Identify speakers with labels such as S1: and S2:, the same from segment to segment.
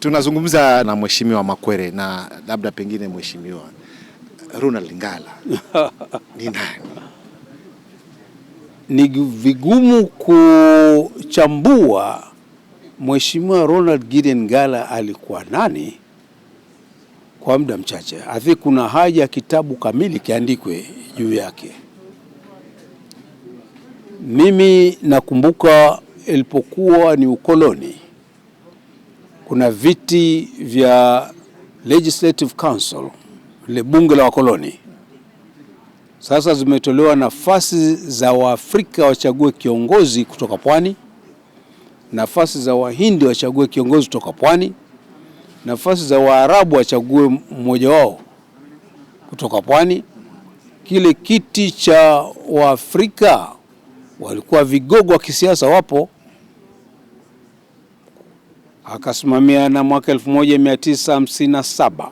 S1: Tunazungumza na Mheshimiwa Makwere na labda pengine Mheshimiwa Ronald Ngala ni nani?
S2: Ni vigumu kuchambua Mheshimiwa Ronald Gideon Ngala alikuwa nani kwa muda mchache. Athi kuna haja kitabu kamili kiandikwe juu yake. Mimi nakumbuka ilipokuwa ni ukoloni kuna viti vya Legislative Council, ile bunge la wakoloni. Sasa zimetolewa nafasi za Waafrika wachague kiongozi kutoka pwani, nafasi za Wahindi wachague kiongozi kutoka pwani, nafasi za Waarabu wachague mmoja wao kutoka pwani. Kile kiti cha Waafrika walikuwa vigogo wa kisiasa wapo akasimamia na mwaka 1957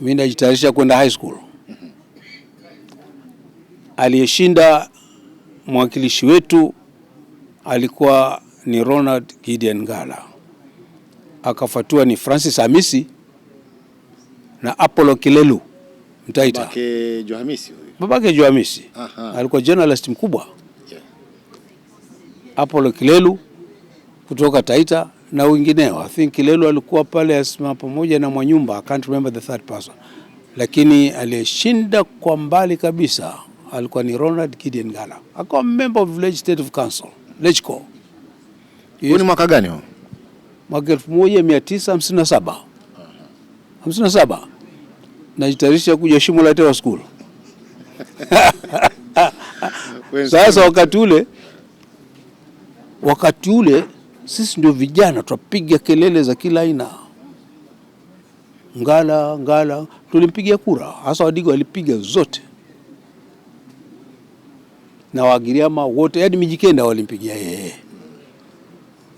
S2: mimi najitayarisha kwenda high school. Aliyeshinda mwakilishi wetu alikuwa ni Ronald Gideon Ngala, akafuatiwa ni Francis Hamisi na Apollo Kilelu
S1: Mtaita, babake Johamisi.
S2: Babake Johamisi alikuwa journalist mkubwa yeah. Apollo Kilelu kutoka Taita na wengineo. I think Kilelu alikuwa pale asima pamoja na Mwanyumba, I can't remember the third person, lakini aliyeshinda kwa mbali kabisa alikuwa ni Ronald Gideon Gala, akawa member of Village State of Council LegCo.
S1: Yes. Ni mwaka gani huo?
S2: Mwaka 1957. 57. Najitayarisha kuja shimo la Tewa School. Sasa wakati ule wakati ule sisi ndio vijana, twapiga kelele za kila aina. Ngala Ngala tulimpigia kura, hasa Wadigo walipiga zote na Wagiriama wote, yani Mijikenda walimpigia yeye,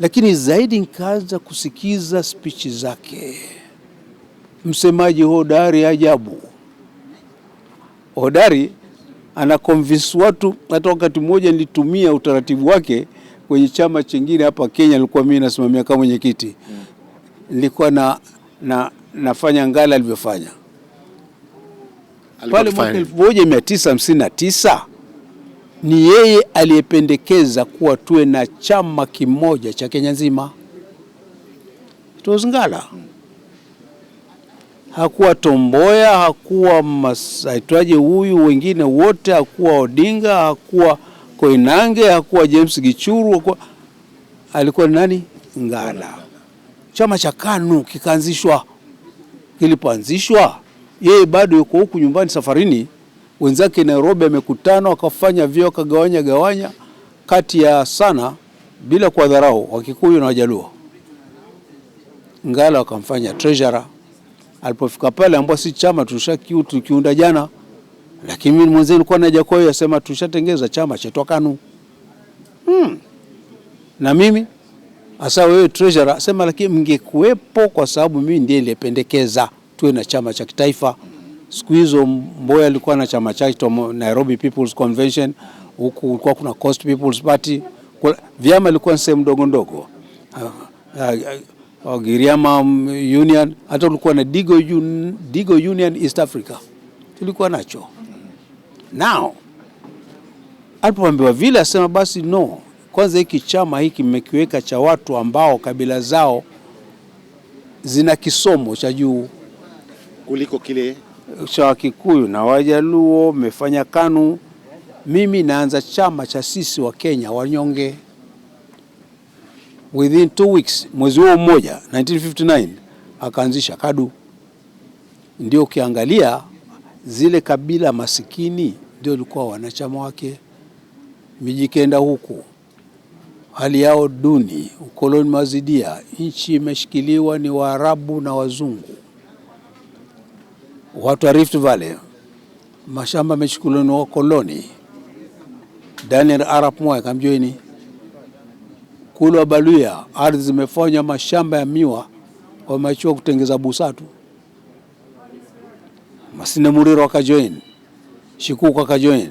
S2: lakini zaidi nikaanza kusikiza spichi zake, msemaji hodari ajabu, hodari ana watu. Hata wakati mmoja nilitumia utaratibu wake kwenye chama chingine hapa Kenya nilikuwa mimi nasimamia kama mwenyekiti, hmm. nilikuwa na, na nafanya Ngala alivyofanya pale mwaka 1959 ni yeye aliyependekeza kuwa tuwe na chama kimoja cha Kenya nzima. It hmm. hakuwa Tomboya, hakuwa masaitwaje huyu wengine wote, hakuwa Odinga, hakuwa Koinange, hakuwa James Gichuru, hakuwa alikuwa nani? Ngala. Chama cha KANU kikaanzishwa. Kilipoanzishwa, yeye bado yuko huku nyumbani safarini, wenzake Nairobi amekutana, wakafanya vyo, wakagawanya gawanya kati ya sana, bila kwa Wakikuyu na Wajaluo. Ngala wakamfanya treasurer. Alipofika pale, ambao si chama tulishakiu tukiunda jana lakini mimi mwenzenu nilikuwa naja kwa hiyo yasema tushatengeza chama chetu KANU. Hmm. Na mimi hasa wewe treasurer sema, lakini mngekuwepo kwa sababu mimi ndiye nilipendekeza tuwe na chama cha kitaifa. Siku hizo Mboya alikuwa na chama chake Nairobi People's Convention, huku kulikuwa kuna Coast People's Party. Vyama ilikuwa sehemu ndogo ndogo. Uh, ah, uh, ah, uh, ah, Giriama mm, Union hata ulikuwa na Digo, un, Digo Union East Africa tulikuwa nacho. Now alipoambiwa vile, asema basi no, kwanza hiki chama hiki mmekiweka cha watu ambao kabila zao zina kisomo cha juu
S1: kuliko kile
S2: cha Wakikuyu na Wajaluo, mmefanya KANU. Mimi naanza chama cha sisi wa Kenya wanyonge. Within two weeks, mwezi huo mmoja 1959 akaanzisha KADU. Ndio ukiangalia zile kabila masikini ndio walikuwa wanachama wake. Mijikenda huku hali yao duni, ukoloni mazidia, nchi imeshikiliwa ni Waarabu na Wazungu. Watu wa Rift Valley, mashamba yameshikiliwa ni wakoloni. Daniel Arap Moi kamjueni Kulwa Baluya, ardhi zimefanywa mashamba ya miwa, wameachiwa kutengeza busatu. masinemuriro Muriro Shikuku akajoin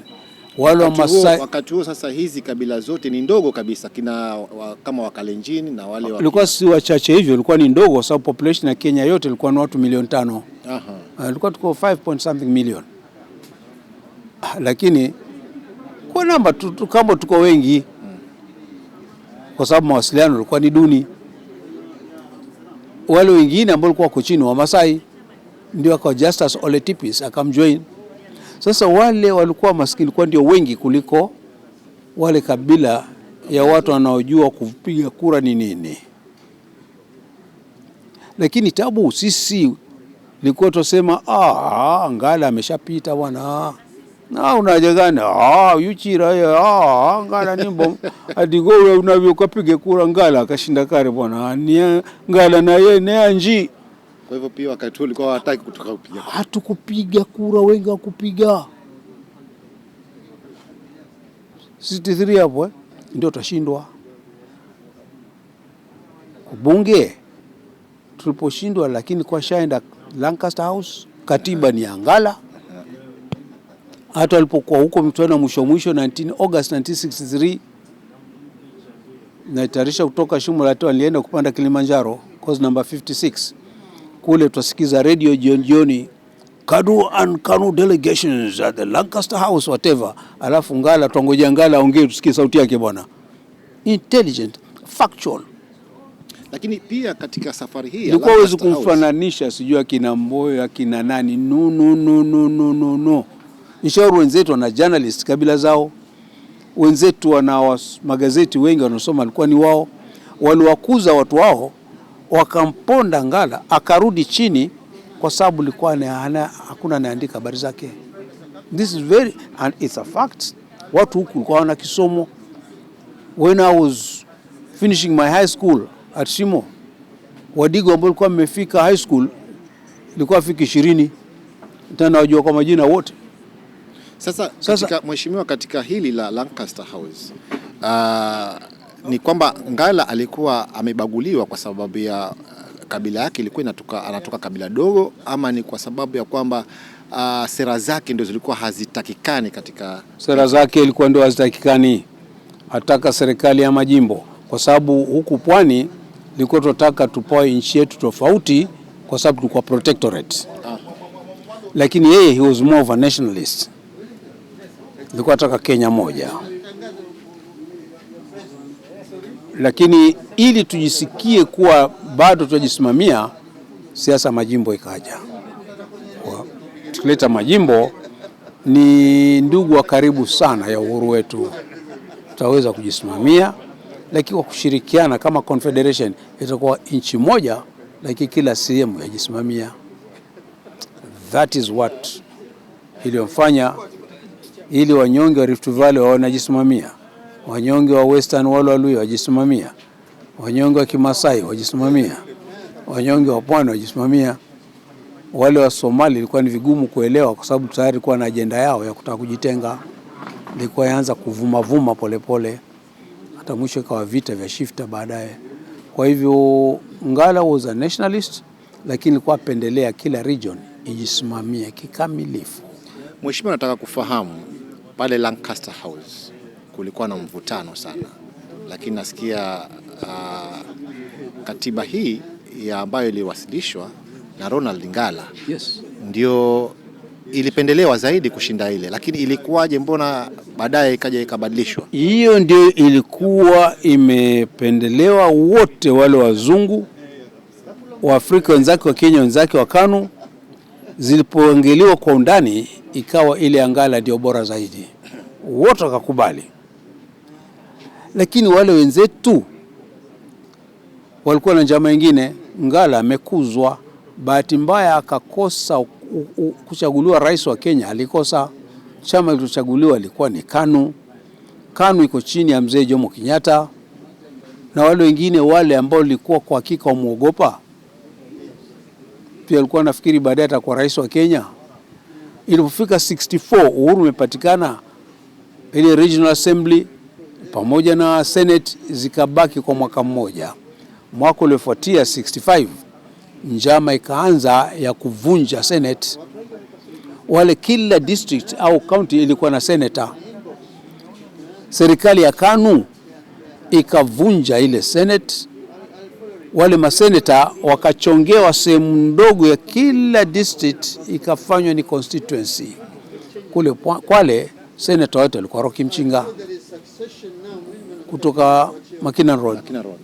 S1: wale wa Masai wakati huo. Sasa hizi kabila zote ni ndogo kabisa, kina wa, kama Wakalenjini na wale
S2: walikuwa si wachache hivyo, ilikuwa ni ndogo kwa sababu population ya Kenya yote ilikuwa ni watu milioni tano. Aha, ah, ilikuwa tuko 5 point something million, ah, lakini kwa namba tu, tu, kama tuko wengi hmm, kwa sababu mawasiliano ilikuwa ni duni. Wale wengine ambao walikuwa kuchini wa Masai ndio akawa Justus Ole Tipis akamjoin sasa wale walikuwa maskini kwa ndio wengi kuliko wale kabila ya watu wanaojua kupiga kura ni nini. Lakini tabu sisi likuwa tusema ah, Ngala ameshapita bwana, na unajagana ah, yuchira ye ah, Ngala nimbo adigo unavyo kura Ngala akashinda kare bwana, Ngala na yeye ni anji
S1: kwa hivyo pia wakati huo walikuwa hawataki kutoka kupiga
S2: kura. Hatukupiga kura, wengi hawakupiga. Sisi hapo eh? Ndio tutashindwa ubunge tuliposhindwa, lakini kwa shaenda Lancaster House, katiba ni Angala. Hata walipokuwa huko mtano mwisho mwisho 19 August 1963 naitarisha kutoka Shumulati, alienda kupanda Kilimanjaro, cause number 56 kule tutasikiza radio jioni jioni, Kadu and Kanu delegations at the Lancaster House whatever, alafu Ngala tuangoja Ngala aongee tusikie sauti yake bwana, intelligent factual.
S1: Lakini pia katika safari hii
S2: ilikuwa huwezi kumfananisha sijui akina Mboyo akina nani, no no no no no no no. Ishauri wenzetu wana journalist kabila zao, wenzetu wana magazeti wengi wanaosoma, alikuwa ni wao, waliwakuza watu wao wakamponda Ngala akarudi chini, kwa sababu ilikuwa hakuna anaandika habari zake. This is very and it's a fact. Watu huku walikuwa wana kisomo. When I was finishing my high school at Shimo, Wadigo ambao walikuwa mmefika high school ilikuwa fiki ishirini, tena wajua kwa majina wote.
S1: Sasa, sasa mheshimiwa, katika hili la Lancaster House uh, ni kwamba Ngala alikuwa amebaguliwa kwa sababu ya uh, kabila yake ilikuwa inatoka, anatoka kabila dogo, ama ni kwa sababu ya kwamba uh, sera zake ndio zilikuwa hazitakikani katika
S2: sera zake ilikuwa ndio hazitakikani hataka serikali ya majimbo, kwa sababu huku pwani ilikuwa tunataka tupoe nchi yetu tofauti, kwa sababu tulikuwa protectorate ah. Lakini yeye he was more of a nationalist, ilikuwa ataka Kenya moja. lakini ili tujisikie kuwa bado tunajisimamia, siasa majimbo ikaja. Tukileta majimbo, ni ndugu wa karibu sana ya uhuru wetu, tutaweza kujisimamia, lakini kwa kushirikiana kama confederation itakuwa nchi moja, lakini kila sehemu yajisimamia. That is what iliyomfanya ili wanyonge wa Rift Valley wanajisimamia wanyonge wa Western wale Waluya wajisimamia, wanyonge wa Kimasai wajisimamia, wanyonge wa Pwani wajisimamia. Wale wa Somali ilikuwa ni vigumu kuelewa, kwa sababu tayari ilikuwa na ajenda yao ya kutaka kujitenga, ilikuwa yaanza kuvuma vuma polepole, hata mwisho ikawa vita vya shifta baadaye. Kwa hivyo Ngala was a nationalist, lakini ilikuwa pendelea kila region ijisimamia kikamilifu.
S1: Mheshimiwa, nataka kufahamu pale Lancaster House kulikuwa na mvutano sana, lakini nasikia uh, katiba hii ya ambayo iliwasilishwa na Ronald Ngala yes, ndio ilipendelewa zaidi kushinda ile. Lakini ilikuwaje? Mbona baadaye ikaja ikabadilishwa?
S2: Hiyo ndio ilikuwa imependelewa, wote wale wazungu, Waafrika wenzake, wa Kenya wenzake, wa KANU zilipoangaliwa kwa undani, ikawa ile Angala ndio bora zaidi, wote wakakubali lakini wale wenzetu walikuwa na njama nyingine. Ngala amekuzwa, bahati mbaya akakosa kuchaguliwa rais wa Kenya, alikosa chama kilichochaguliwa alikuwa ni KANU. KANU iko chini ya mzee Jomo Kenyatta na wale wengine wale ambao likuwa kwa hakika wamwogopa pia, alikuwa nafikiri baadaye atakuwa rais wa Kenya. Ilipofika 64 uhuru umepatikana, ile regional assembly pamoja na Senate zikabaki kwa mwaka mmoja. Mwaka uliofuatia 65 njama ikaanza ya kuvunja Senate. Wale kila district au county ilikuwa na senator. Serikali ya KANU ikavunja ile Senate, wale maseneta wakachongewa sehemu ndogo ya kila district, ikafanywa ni constituency. Kule Kwale senator wote walikuwa Roki Mchinga kutoka Makina Road, Makina Road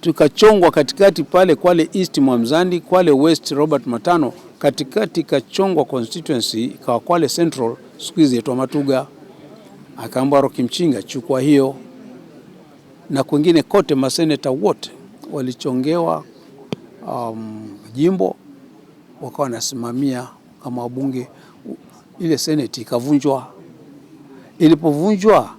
S2: tukachongwa katikati pale Kwale East Mwamzandi, Kwale West Robert Matano, katikati kachongwa constituency kwa Kwale Central, siku hizi yetwa Matuga. Akaambwa Roki Mchinga, chukua hiyo. Na kwingine kote maseneta wote walichongewa um, jimbo wakawa wanasimamia kama wabunge. Ile seneti ikavunjwa. Ilipovunjwa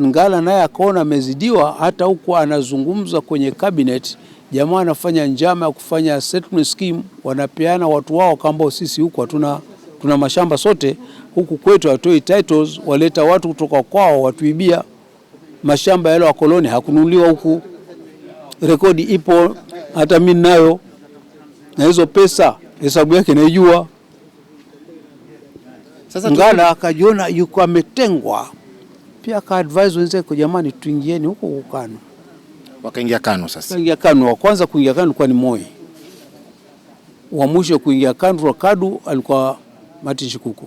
S2: Ngala naye akaona amezidiwa, hata huko anazungumza kwenye cabinet, jamaa anafanya njama ya kufanya settlement scheme, wanapeana watu wao kamba sisi huku hatuna tuna mashamba sote huku kwetu, hatoi titles, waleta watu kutoka kwao watuibia mashamba yale, wakoloni hakununuliwa huku, rekodi ipo, hata mimi nayo, na hizo pesa hesabu yake naijua. Sasa Ngala akajiona yuko ametengwa pia aka advise wenzake, jamani, tuingieni huko huko Kano.
S1: Wakaingia kano. Sasa
S2: wakaingia kano, wa kwanza kuingia kano kwa ni Moi, wa mwisho kuingia kano kadu alikuwa Martin Shikuku.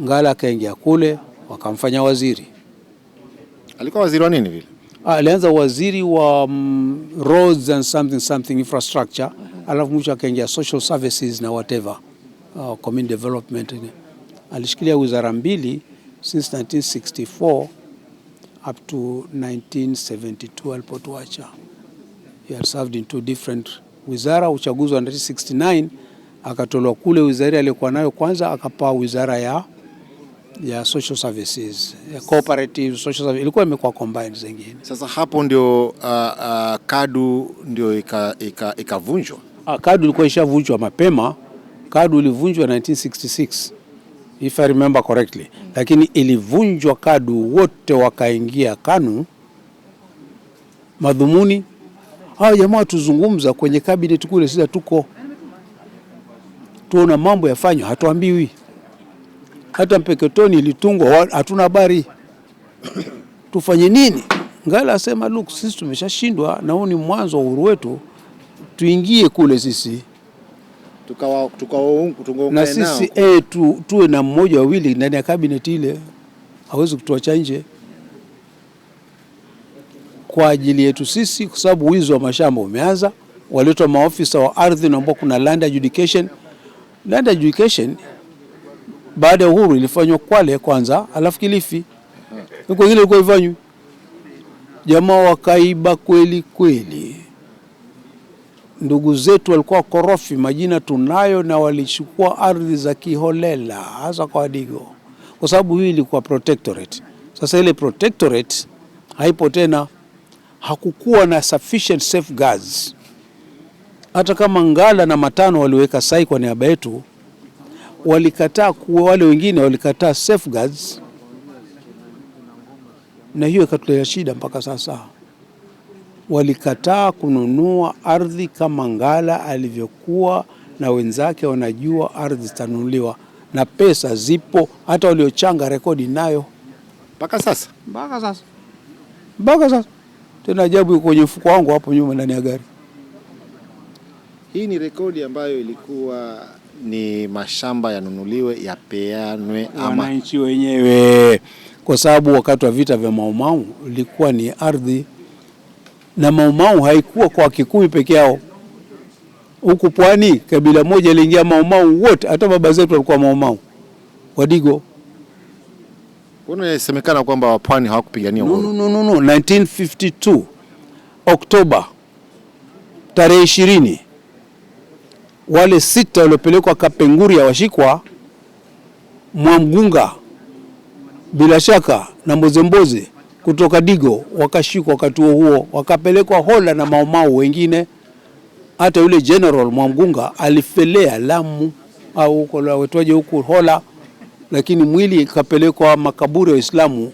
S2: Ngala akaingia kule, wakamfanya waziri.
S1: Alikuwa waziri wa nini vile?
S2: Ah, Alianza waziri wa um, roads and something something infrastructure mm -hmm. Alafu mwisho akaingia social services na whatever uh, community development. Alishikilia wizara mbili since 1964 up to 1972 alipotuacha. He had served in two different wizara. Uchaguzi wa 1969 akatolewa kule wizara aliyokuwa nayo kwanza, akapaa wizara ya ya social services ya cooperative social services ilikuwa imekuwa combined zingine.
S1: Sasa hapo ndio uh, uh, kadu ndio ikavunjwa ika, ika
S2: ah, kadu ilikuwa ishavunjwa mapema. Kadu ilivunjwa 1966 if I remember correctly, lakini ilivunjwa KADU wote wakaingia KANU. Madhumuni hao jamaa tuzungumza kwenye kabineti kule, sisi tuko tuona mambo yafanywa, hatuambiwi. Hata Mpeketoni ilitungwa, hatuna habari tufanye nini? Ngala asema look, sisi tumeshashindwa na huu ni mwanzo wa uhuru wetu, tuingie kule sisi
S1: tukawa na sisi
S2: e, tu, tuwe na mmoja wawili ndani ya kabineti ile, hawezi kutuacha nje kwa ajili yetu sisi, kwa sababu wizi wa mashamba umeanza. Waletwa maofisa wa ardhi naambao kuna land adjudication. Land adjudication baada ya uhuru ilifanywa Kwale kwanza, alafu Kilifi, ile ilikuwa ifanywe, Jamaa wakaiba kweli kweli ndugu zetu walikuwa korofi, majina tunayo, na walichukua ardhi za kiholela, hasa kwa Wadigo, kwa sababu hii ilikuwa protectorate. Sasa ile protectorate haipo tena, hakukuwa na sufficient safeguards. Hata kama Ngala na Matano waliweka sai kwa niaba yetu, walikataa kuwa, wale wengine walikataa safeguards, na hiyo ikatuletea shida mpaka sasa walikataa kununua ardhi kama Ngala alivyokuwa na wenzake wanajua ardhi zitanunuliwa na pesa zipo, hata waliochanga rekodi nayo mpaka sasa, mpaka sasa, mpaka sasa. Tena ajabu kwenye mfuko wangu hapo nyuma ndani ya gari.
S1: Hii ni rekodi ambayo ilikuwa ni mashamba yanunuliwe, yapeanwe
S2: wananchi wenyewe, kwa sababu wakati wa vita vya Maumau ilikuwa ni ardhi na Maumau haikuwa kwa Kikuyu peke yao. Huku pwani kabila moja iliingia Maumau wote, hata baba zetu walikuwa Maumau Wadigo.
S1: Inasemekana kwamba wapwani hawakupigania
S2: uhuru. No, no, no, no. 1952 Oktoba tarehe ishirini wale sita waliopelekwa Kapenguria washikwa Mwamgunga bila shaka na Mbozemboze kutoka Digo wakashikwa wakati huo huo, wakapelekwa Hola na maumau wengine. Hata yule General Mwamgunga alifelea Lamu au huko lawetwaje huku Hola, lakini mwili ikapelekwa makaburi ya Waislamu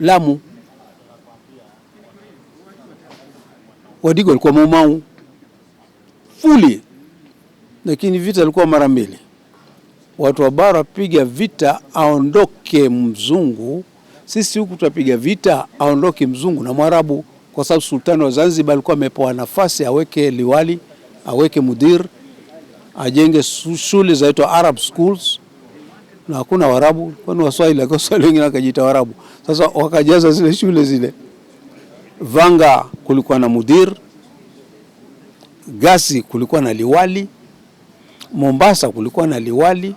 S2: Lamu. Wadigo alikuwa maumau fuli, lakini vita alikuwa mara mbili. Watu wa bara piga vita, aondoke mzungu sisi huku tutapiga vita aondoke mzungu na Mwarabu, kwa sababu sultani wa Zanzibar alikuwa amepewa nafasi aweke liwali, aweke mudir, ajenge shule zaitwa Arab schools na hakuna warabu kwani Waswahili akaswali wengine wakajiita warabu. Sasa wakajaza zile shule zile. Vanga kulikuwa na mudir, Gasi kulikuwa na liwali, Mombasa kulikuwa na liwali.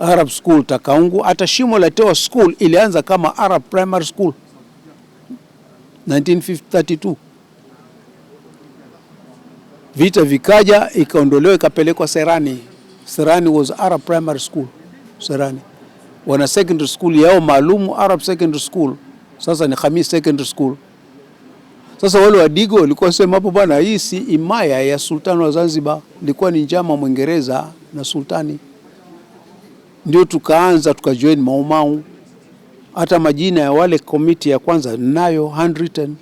S2: Arab School Takaungu. Hata shimo la Tewa School ilianza kama Arab Primary School 1932. Vita vikaja, ikaondolewa ikapelekwa Serani. Serani was Arab Primary School. Serani wana secondary school yao maalumu, Arab Secondary School, sasa ni Khamis Secondary School. Sasa wale Wadigo walikuwa sema hapo, bwana, hii si imaya ya sultani wa Zanzibar, ilikuwa ni njama Mwingereza na sultani ndio tukaanza tukajoin Maumau. Hata majina ya wale komiti ya kwanza nayo handwritten.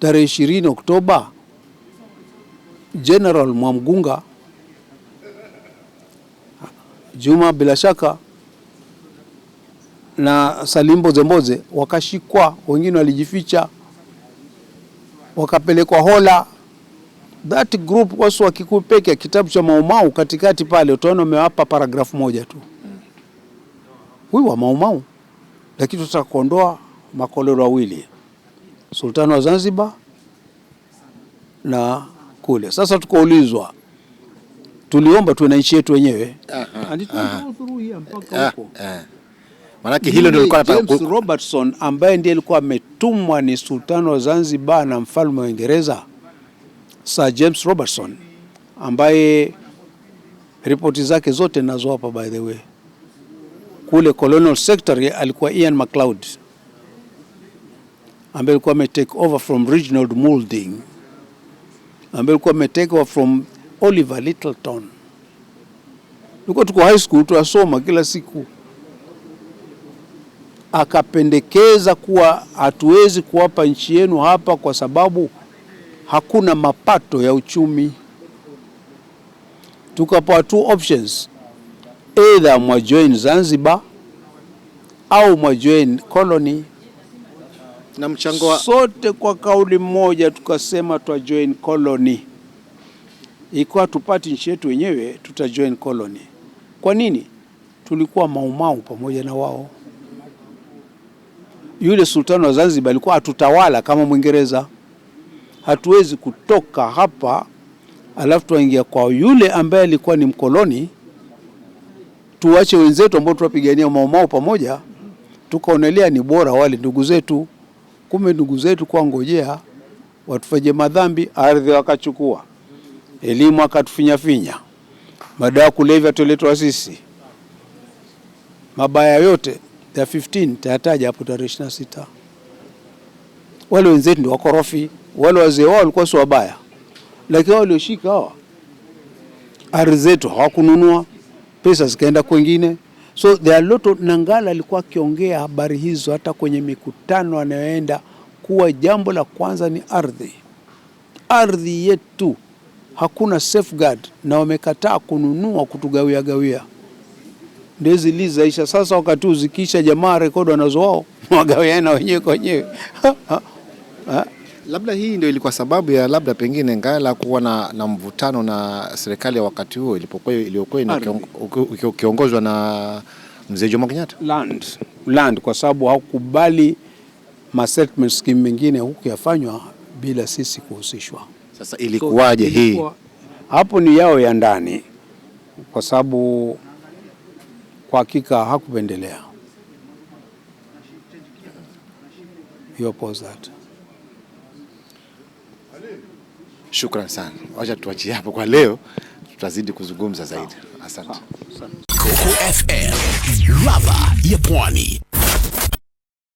S2: Tarehe ishirini Oktoba, General Mwamgunga Juma bila shaka na Salimbo Mbozemboze wakashikwa, wengine walijificha, wakapelekwa Hola that group wasu wa kitabu cha Maumau katikati pale utaona umewapa paragrafu moja tu, huyu wa Maumau, lakini tutaka kuondoa makolero wawili, sultani wa Zanzibar na kule. Sasa tukaulizwa, tuliomba tuwe na nchi yetu wenyewe, ah, Manake ah, ah. hilo ndio alikuwa James Robertson ambaye ndiye alikuwa ametumwa ni sultani wa Zanzibar na mfalme wa Uingereza Sir James Robertson ambaye ripoti zake zote nazo hapa, by the way, kule Colonial Secretary alikuwa Ian MacLeod ambaye alikuwa ame take over from Reginald Moulding ambaye alikuwa ame take over from Oliver Littleton. Tulikuwa tuko high school tuasoma kila siku, akapendekeza kuwa hatuwezi kuwapa nchi yenu hapa kwa sababu hakuna mapato ya uchumi. tukapoa two options, either join Zanzibar au join colony na mchango wa... sote kwa kauli moja tukasema twa join colony. Ikiwa tupati nchi yetu wenyewe tuta join colony. Kwa nini? Tulikuwa maumau pamoja na wao. Yule sultani wa Zanzibar alikuwa atutawala kama Mwingereza hatuwezi kutoka hapa alafu tuwaingia kwa Yule ambaye alikuwa ni mkoloni, tuwache wenzetu ambao tuwapigania maumau pamoja, tukaonelea ni bora wale ndugu zetu. Kumbe ndugu zetu kwa ngojea watufanye madhambi, ardhi wakachukua, elimu akatufinyafinya, madawa kulevya tuletwa sisi, mabaya yote ya 15 tayataja hapo tarehe 26. Wale wenzetu ndio wakorofi wale wazee wao walikuwa si wabaya, lakini wao walioshika hawa ardhi zetu hawakununua, pesa zikaenda kwengine. So there are lot of Nangala alikuwa akiongea habari hizo hata kwenye mikutano anayoenda, kuwa jambo la kwanza ni ardhi, ardhi yetu hakuna safeguard, na wamekataa kununua kutugawia gawia, ndio zilizaisha. sasa. Wakati huu jamaa rekodi wanazo wao wagawiana wenyewe kwa wenyewe
S1: Labda hii ndio ilikuwa sababu ya labda pengine Ngala kuwa na, na mvutano na serikali ya wakati huo ilipokuwa iliyokuwa ikiongozwa na mzee Jomo Kenyatta
S2: land, land, kwa sababu hakubali ma-settlement scheme mengine huku yafanywa bila sisi kuhusishwa.
S1: Sasa ilikuwaje? So, hii
S2: hapo ni yao ya ndani, kwa sababu kwa hakika hakupendelea. You oppose that.
S1: Shukran sana, wacha tuachie hapo kwa leo, tutazidi kuzungumza zaidi. Asante. Coco FM, ladha ya Pwani.